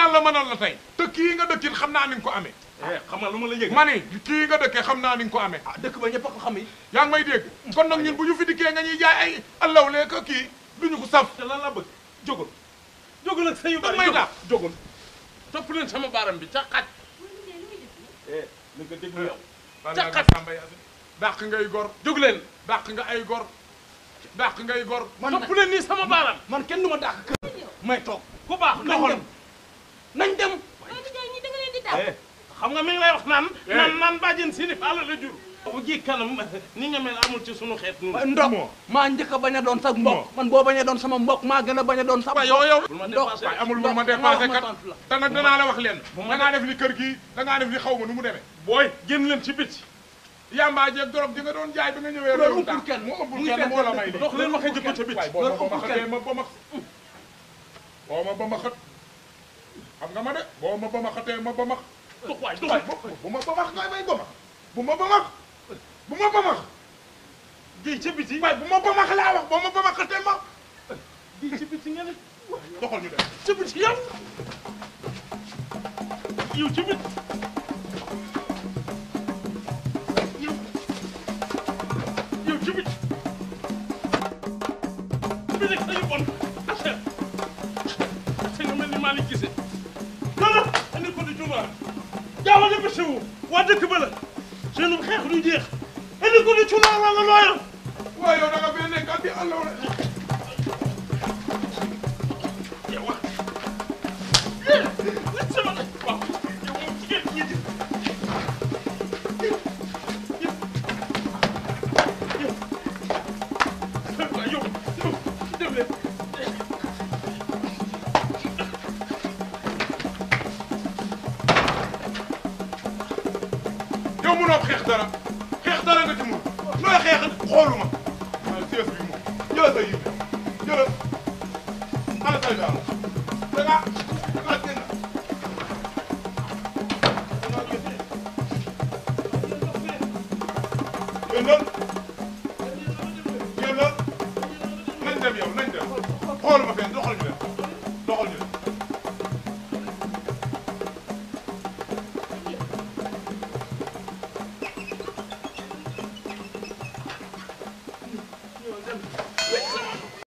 yàlla mënal la tey te kii nga dëkkin xam ni nga ko amee eh, xam nga nga dëkkee xam ni nga ko amee ah ba ko xam yi ngi may dégg kon ñun fi nga jaay ay ko duñu ko saf te la bëgg ak bari leen sama baaram bi ca xaj eh, li nga déglu yow ca xaj dàq ngay gor jóg leen dàq nga ay gor ngay gor leen sama baaram man kenn du ma dàq may ku nañ dem eh, xam nga mi ngi lay wax naan eh. naan naan bàjjen si ni Fall la jur waxu ji kanam ni nga mel amul ci sunu xeet nun ndox maa njëkk a bañ a doon man boo bañ a sama mbokk maa gën a bañ a doon sa amul lu ma dépassé kat te nag danaa la wax lenn dangaa def li kër gi dangaa def li xaw nu mu demee booy génn leen ci biti yamba jeeg dorob di nga doon jaay bi nga ñëwee loolu ëppul kenn mu ëppul kenn moo la may dox leen waxee jëkk ca biti boo ma ba ma xam nga ma de boo ma ba ma xatee ma ba ma. waay waay bu ma ma ngay may ma. bu ma ba ma bu ma ba ma. géej ca biti. waay bu ma ba ma nga ne. doxal ñu dem Je ne waa pas la yow mënoo xeex dara xeex dara nga ci mun nooy xeex xooluma waaye sees bi moom jëla sa yite jëla ana say daal da nga laaj gën Thank you.